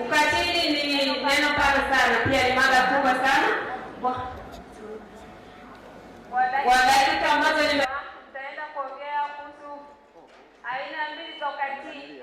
Ukatili ni neno pana sana, pia ni mada kubwa sana. Kwa dakika moja nitaenda kuongea kuhusu aina mbili za ukatili.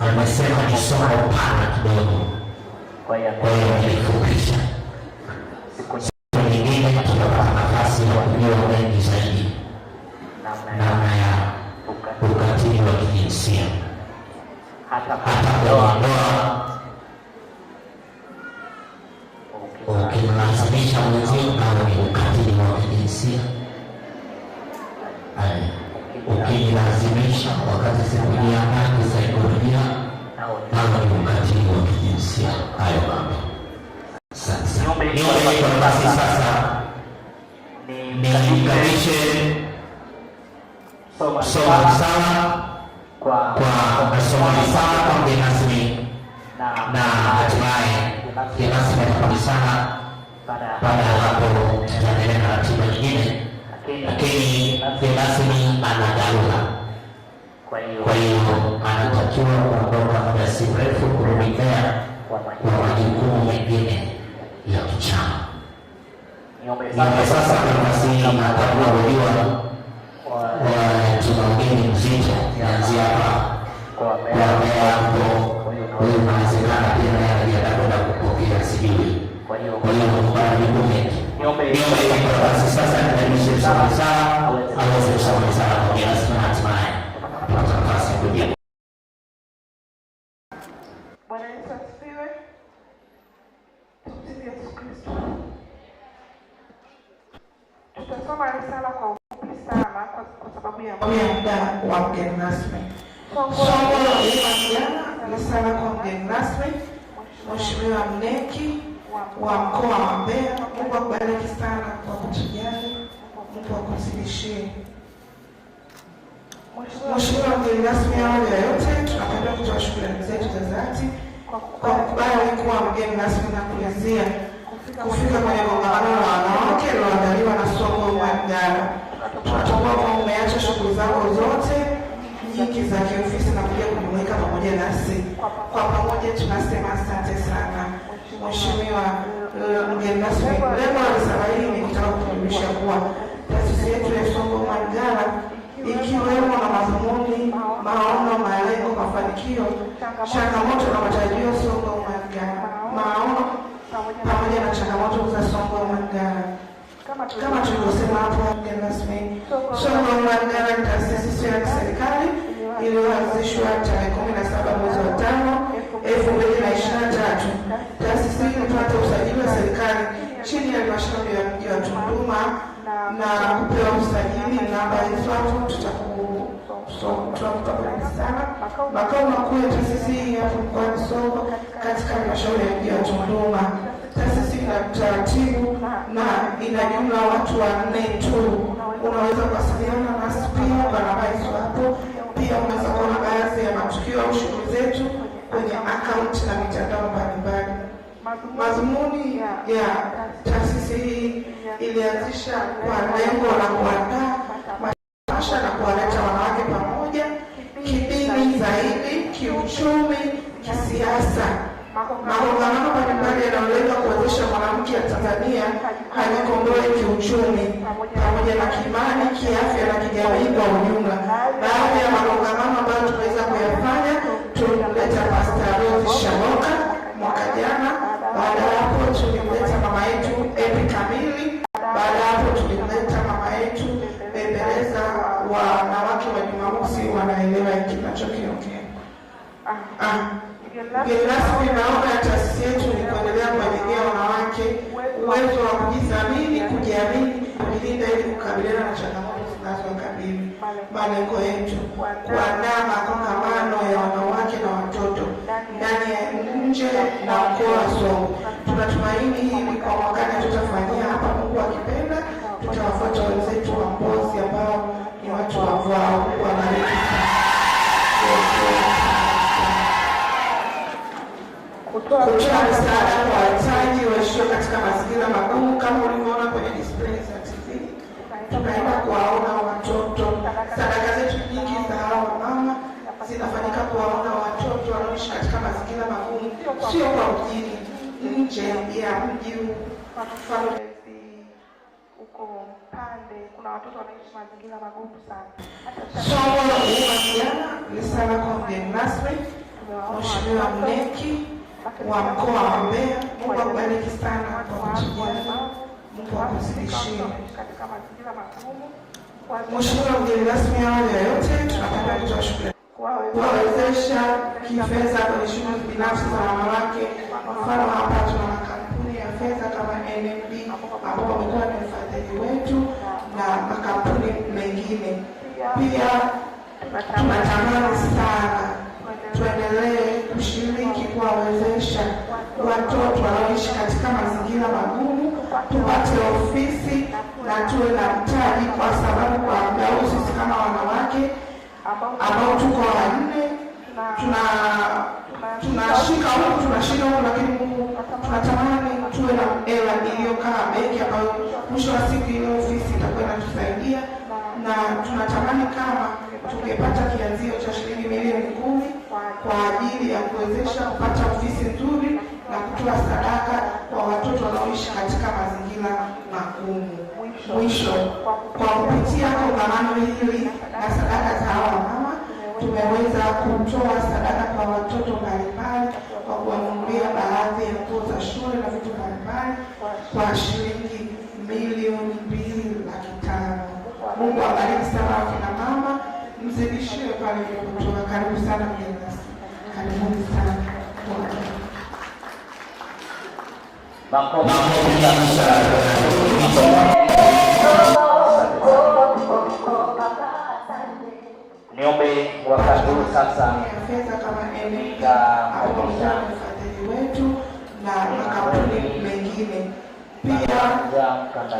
amesema kisoma upana kidogo, kwa hiyo nilifupisha. Siku nyingine tunapata nafasi ya kujua mengi zaidi namna ya ukatili wa kijinsia hata kuondoa hisia. Ukijilazimisha wakati sikujiandaa kisaikolojia, nao ni ukatili wa kijinsia. Hayo mambo sasa, niwe basi sasa nilinganishe somo la sala kwa somo la sala kwa mgeni na hatimaye mgeni rasmi atapatikana baada ya hapo tunaendelea na ratiba nyingine, lakini rasmi ana dharura. Kwa hiyo anatakiwa kuondoka muda si mrefu kurudikea kwa majukumu mengine ya kichama. Niombe sasa nafasi natakaoliwa tunaugeni mzito kuanzia hapa kuambea hapo huyu mawezekana pia naye ajatakenda kupokea sijui kwa hiyo niombe sasa, awezesha wenzao, lazima hatimaye wa mkoa wa Mbeya. Mungu akubariki sana kwa kutujali, Mungu akusilishie. Mheshimiwa mgeni rasmi, awali ya yote, tunapenda kutoa shukrani zetu za dhati kwa kukubali kuwa mgeni rasmi na kuanzia kufika kwenye kongamano la wanawake liloandaliwa na soko ya Mgara. Tunatambua kuwa umeacha shughuli zako zote nyingi za kiofisi na kuja kujumuika pamoja nasi. Kwa pamoja tunasema asante sana. Mheshimiwa eh, mgeni rasmi, lengo la hii ni kutaka kukumbusha kuwa taasisi yetu ya Songo Umanigara ikiwemo na madhumuni, maono, malengo, mafanikio, changamoto na matarajio Songo Umanigara, maono pamoja na changamoto za Songo Umanigara. Kama tulivyosema hapo, mgeni rasmi, Songwe ni taasisi isiyo ya kiserikali iliyoanzishwa tarehe kumi na saba mwezi wa tano elfu mbili na ishirini na tatu taasisi hii imepata usajili wa serikali chini ya halmashauri ya mji wa Tunduma na kupewa usajili namba ifuatayo. Tutakupakurai sana. Makao makuu ya taasisi hii yapo mkoani Songwe katika halmashauri ya mji wa Tunduma. Taasisi ina taratibu na ina jumla watu wanne tu. Unaweza kuwasiliana nasi pia, barabara hizo hapo. Pia unaweza kuona baadhi ya matukio au shughuli zetu kwenye akaunti na mitandao mbalimbali. Madhumuni ya taasisi hii ilianzisha kwa lengo la kuandaa matamasha na kuwaleta wanawake pamoja kidini zaidi, kiuchumi, kisiasa. Makongamano mbalimbali yanayolenga kuwezesha mwanamke ya Tanzania ajikomboe kiuchumi pamoja na kiimani, kiafya na kijamii kwa ujumla. Baadhi ya makongamano ambayo tunaweza kuyafanya tulimleta Pasta Rose mwaka jana. Baada ya hapo tulimleta mama yetu Epi Kamili. Baada ya hapo tulimleta mama yetu Wanawake wa Jumamosi wanaelewa kinachokiongea. Ah, mgeni rasmi, naona taasisi yetu ni kuendelea kuwajengea wanawake uwezo wa kujiamini, kujilinda ili kukabiliana na changamoto Malengo yetu kuandaa makongamano tunatumaini hivi kwa mwakani tutafanyia hapa, Mungu akipenda, tutawafuata wenzetu wa Mbozi ambao ni watu wa Vwao. Mungu awabariki Kutoa msaada kwa wahitaji waishio katika mazingira magumu, kama ulivyoona kwenye display za TV, tunaenda kuwaona watoto. Sadaka zetu nyingi za hawa mama zinafanyika kuwaona watoto wanaoishi katika mazingira magumu, sio kwa nje ya mji huko Mpande kuna watoto wanaishi mazingira magumu sana. Somo uasiana ni sana kwa mgeni rasmi Mheshimiwa Mneki wa mkoa wa Mbeya. Mungu akubariki sana kwa kutujalia, Mungu akuzidishie. Mheshimiwa mgeni rasmi, awali ya yote tunapenda kutoa shukrani kuwawezesha kifedha kwenye shughuli binafsi za wanawake. Kwa mfano hapa tuna makampuni ya fedha kama NMB ambao wamekuwa ni mfadhili wetu na makampuni mengine pia. Tunatamani sana tuendelee kushiriki kuwawezesha watoto wanaoishi katika mazingira magumu, tupate ofisi na tuwe na mtaji, kwa sababu kwa mdau sisi kama wanawake ambao tuko wanne tunashika huku tunashinda huku, lakini Mungu tunatamani tuwe na hela iliyokaa benki ambayo mwisho wa siku ile ofisi itakuwa inatusaidia, na tunatamani kama tungepata kianzio cha shilingi milioni kumi kwa ajili ya kuwezesha kupata ofisi nzuri na kutoa sadaka kwa watoto wanaoishi katika mazingira magumu mwisho kwa kupitia kongamano hili na sadaka za hawa mama tumeweza kutoa sadaka kwa watoto mbalimbali kwa kuwanunulia baadhi ya nguo za shule na vitu mbalimbali kwa shilingi milioni mbili laki tano. Mungu awabariki sana wakina mama, mzidishie pale kutoa. Karibu sana mjenasi, karibuni sana. Makofi. Niombe wakati huu sasa fedha kama eneo mfadhili wetu na makampuni mengine pia.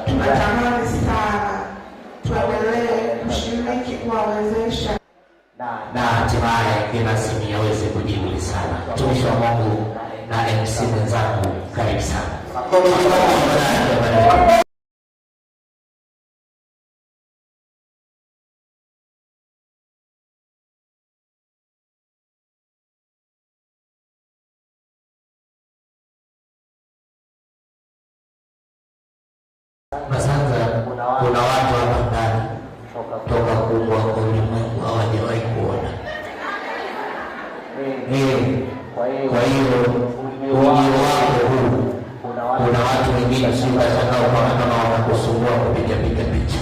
Tunatamani sana tuendelee kushiriki kuwawezesha na hatimaye kila simu yaweze sana. Mtumishi wa Mungu na MC mwenzangu, karibu sana. Kwa hiyo ujio wako huu, kuna watu wengine shida utakaokaa kama wanakusumbua kupiga piga picha,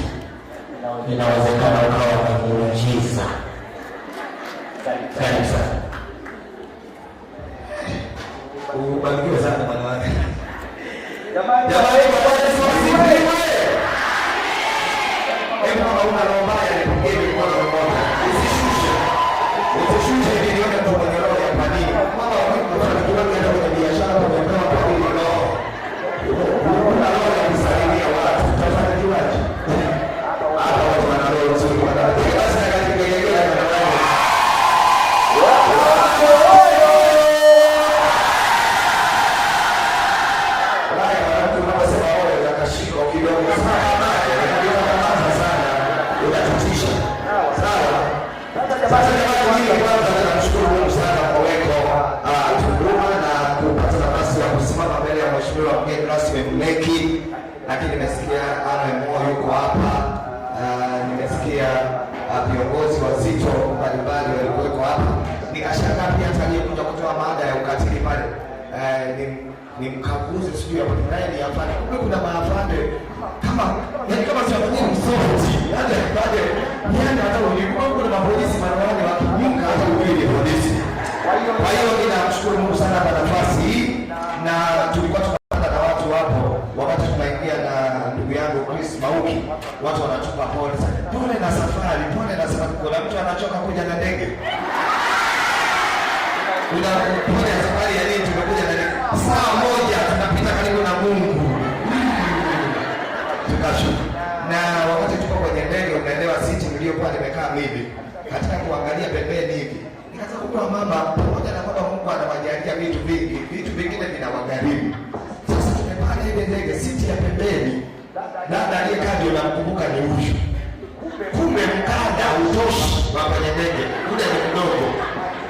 inawezekana ukawa na muujiza leo ninamshukuru Mungu sana kwa nafasi hii, na tulikuwa tunapata na watu hapo wakati tunaingia na ndugu yangu Chris Mauki, watu wanatupa pole, sana, pole na safari, pole na safari. Kuna mtu anachoka kuja na ndege, kuna pole ya safari ya nini? Tumekuja na ndege saa moja, tunapita karibu na Mungu tukashuka na wakati tuko kwenye ndege, unaelewa siti niliyokuwa nimekaa mimi, katika kuangalia pembeni hivi nikaanza kupewa mama katika vitu vingi, vitu vingine vinawagharimu. Sasa tumepanda ile ndege, siti ya pembeni, dada aliyekaa ndio namkumbuka ni huyu, kumbe mkanda utoshi wa kwenye ndege ule ni mdogo,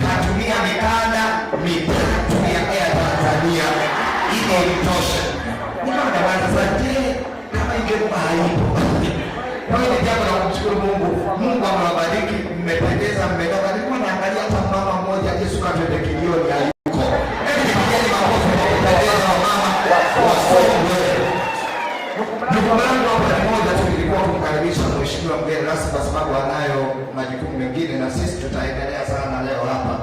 katumia mikanda mitatu ya Air Tanzania ile ilitosha. Nikawaza sasa, kama ingekuwa haipo jambo la kumshukuru Mungu. Mungu amewabariki, mmependeza, mmetoka. Nilikuwa naangalia hata mama mmoja Yesu kilioni Jukumu langu kumkaribisha mheshimiwa mgeni rasmi, kwa sababu anayo majukumu mengine na sisi tutaendelea sana leo hapa.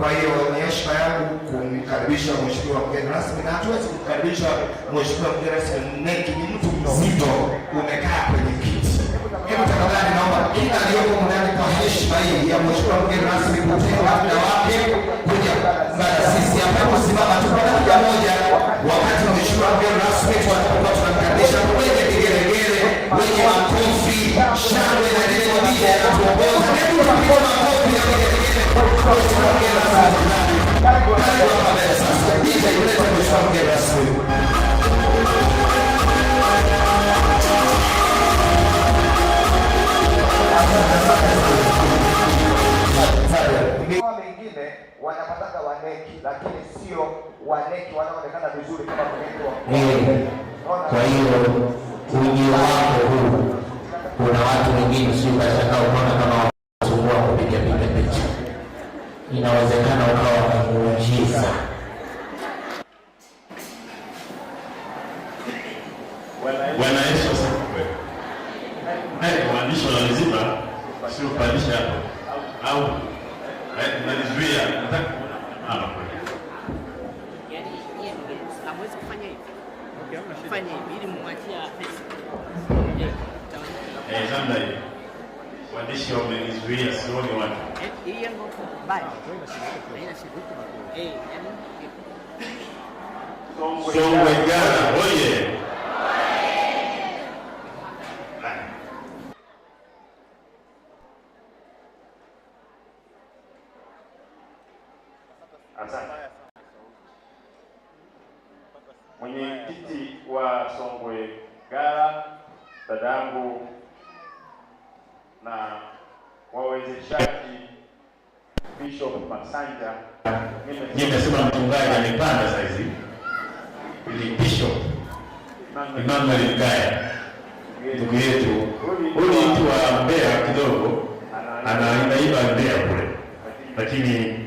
Kwa hiyo ni heshima yangu kumkaribisha mheshimiwa mgeni rasmi, na hatuwezi kumkaribisha mheshimiwa mgeni rasmi mengi, ni mtu mzito, umekaa kwenye kiti. Hebu tafadhali naomba kila aliyoko ndani kwa heshima hii ya mheshimiwa mgeni rasmi kutenga muda wake kuja mbele sisi hapa kusimama tu. lakini sio waneki vizuri kama Kwa hiyo uji wako huu, kuna watu wengine sio watakaoona kama wanasumbua kupiga piga picha, inawezekana ukawa muujiza. Bwana Yesu asifiwe. Maandisho sio hapo au eh, nalizuia Hamwezi kufanya Waandishi wamenizuia sioni watu. Hii yangu bali. Haina shida. mwenyekiti wa Songwe Gala, dadangu na wawezeshaji Bishop Masanja. Nimesema mchungaji amepanda saa hizi ili Bishop Emmanuel Mgaya ndugu yetu, huyu mtu wa Mbeya kidogo, anaibaiba Mbeya kule, lakini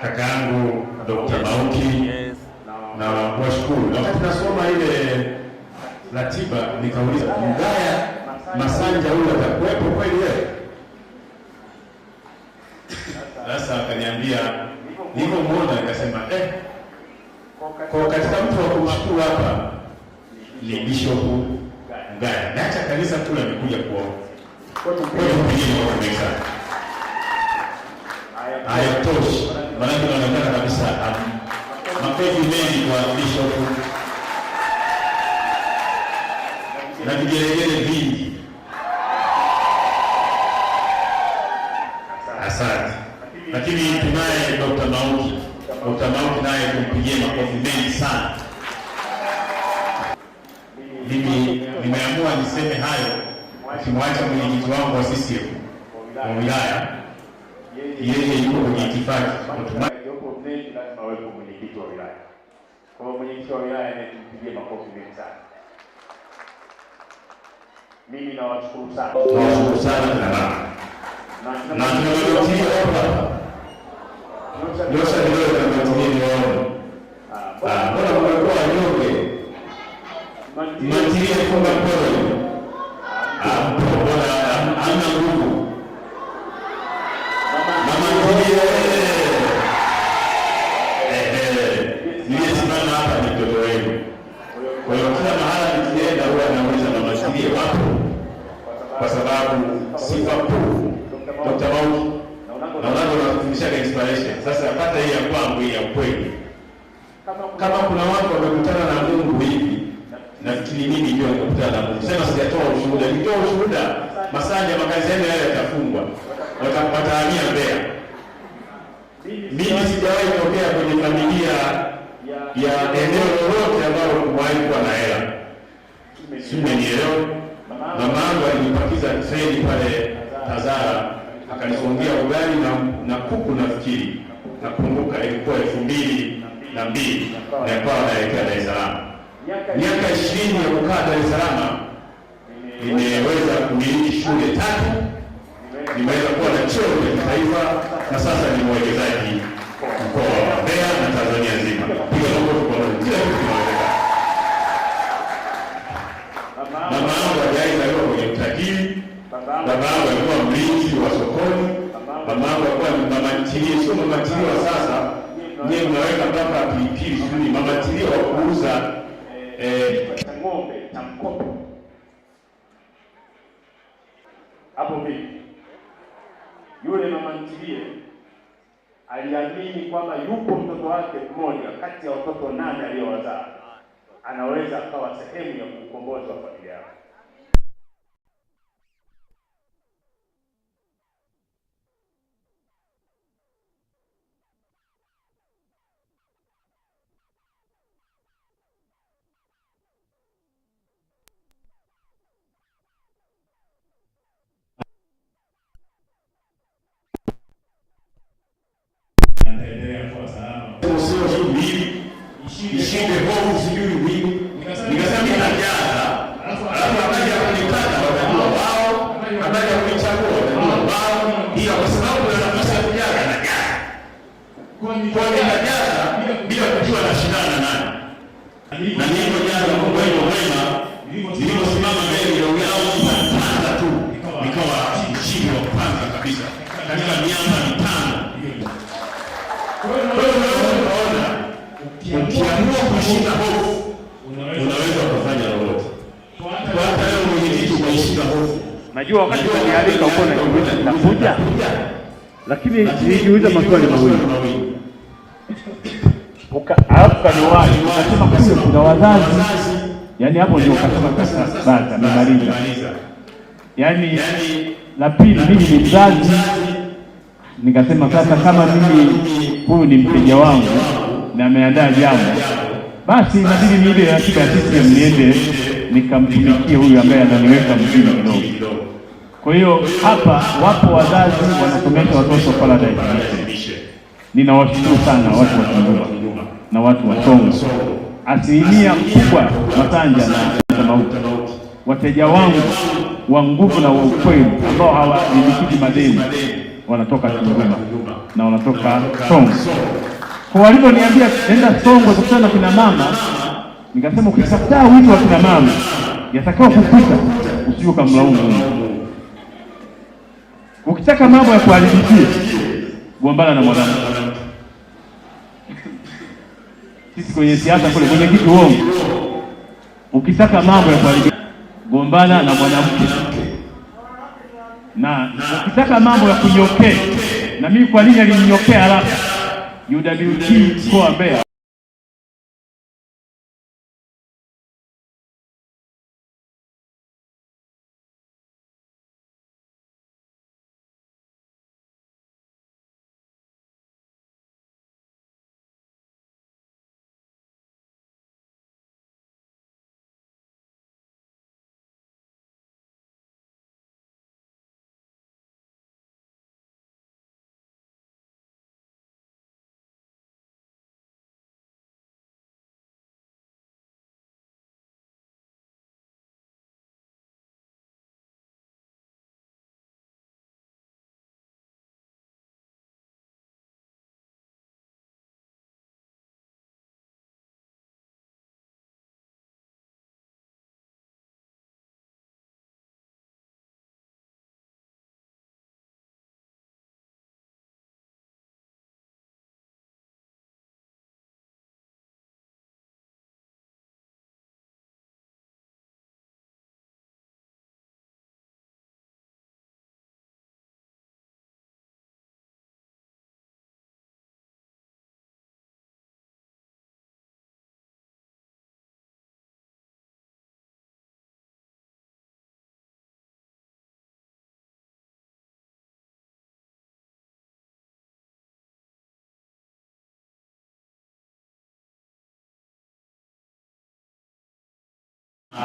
kakaangu Dr. Mauki na washukuru. Wakati nasoma ile ratiba nikauliza, mgaya Masanja huyu atakuwepo kweli wewe? Sasa akaniambia niko muona, nikasema eh, kwa katika mtu wa kumshukuru hapa ni Bishop Mgaya, naacha kanisa kule amekuja kuona Hayatoshi, maanake inaonekana kabisa makofi mengi kwa huku na vigelegele vingi. Asante. Lakini tunaye Dr. Mauki, Dr. Mauki naye kumpigia makofi mengi sana. Mimi nimeamua niseme hayo akimwacha mwenyekiti wangu wa CCM wa wilaya, yeye yuko kwenye itifaki Victoria e tutti ma confidenzali. Mimi no, scusate. No, scusate, ma... Non ce l'ho detto non sapevo ah, ah, che non ti viene Ah, ora come poi, non che... Non ti viene come ukitoa ushuhuda, Masanja makazi yenu yale yatafungwa, watahamia Mbeya. Mimi sijawahi tokea kwenye familia ya eneo lolote ambalo kuwahi kuwa na hela, simenielewa. Mama yangu alinipakiza treni pale Tazara, akanisongea ugali na, na kuku nafikiri nakumbuka ilikuwa elfu mbili na mbili, nakawa naelekea Dar es Salaam, miaka ishirini ya kukaa Dar es Salaam nimeweza kumiliki shule tatu, nimeweza kuwa na cheo cha kitaifa na sasa ni mwekezaji mkoa wa Mbeya na Tanzania nzima. Piga makofi kwa Mungu, kila kitu kinawezekana. Mama yangu aliaizaliwa kwenye utajiri, baba yangu alikuwa mlinzi wa sokoni, mama yangu alikuwa ni mama ntilie, sio mama ntilie wa sasa niye mnaweka mpaka pilipili, sijui mama ntilie wa kuuza eh, ng'ombe na mkopo yule mama ntilie aliamini kwamba yupo mtoto wake mmoja kati ya watoto nane aliyowazaa anaweza akawa sehemu ya kuukombozi wa familia yake. and, and nitakuwa najiuliza lakini nijiuliza maswali mawili alafu kaniwai ukasema kule kuna wazazi, yaani hapo ndio ukasema sasa, basi amemaliza. Yaani la pili, mimi ni mzazi, nikasema sasa, kama mimi huyu ni mteja wangu na ameandaa jambo, basi inabidi niile ratiba ya CCM niende nikamtumikie huyu ambaye ananiweka mjini kidogo. Kwa hiyo hapa wapo wazazi wanasomesha watoto Paradise Mission. Ninawashukuru sana watu wa Tunduma na watu wa Songwe, asilimia kubwa Matanja na Tamauti, wateja wangu wa nguvu na wa ukweli ambao hawalimikiji madeni wanatoka Tunduma na wanatoka Songwe. Kwa walivyoniambia nenda Songwe kukutana na kina mama, nikasema ukikataa wito wa kina mama yatakao kukuta usije ukamlaumu Mungu. Ukitaka mambo ya kuharibikia, gombana na mwanamke. Sisi kwenye siasa kule, mwenyekiti uongo. Ukitaka mambo ya kuharibikia, gombana na mwanamke, na ukitaka mambo ya kunyokea, na mimi kwa nini alininyokea haraka UWT mkoa Mbeya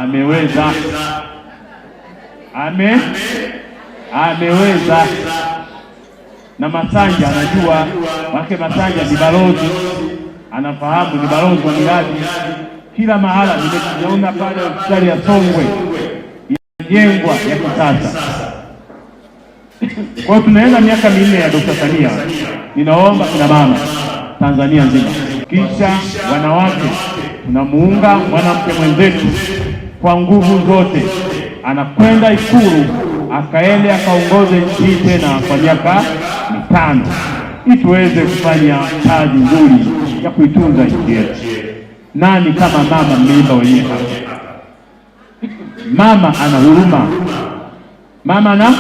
ameweza ame ameweza na Masanja anajua wake. Masanja ni balozi, anafahamu ni balozi wa miradi kila mahala. Nimeona pale hospitali ya Songwe inajengwa ya kisasa kwa tunaenda miaka minne ya Dkt. Samia. Ninaomba kina mama Tanzania nzima, kisha wanawake, tunamuunga mwanamke mwenzetu kwa nguvu zote, anakwenda Ikulu akaende akaongoze nchi tena kwa miaka mitano, ili tuweze kufanya kazi nzuri ya kuitunza nchi yetu. Nani kama mama mimba wenyewe? Mama ana huruma, mama na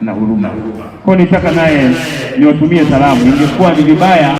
na huruma. Kwa nitaka naye niwatumie salamu, ingekuwa ni vibaya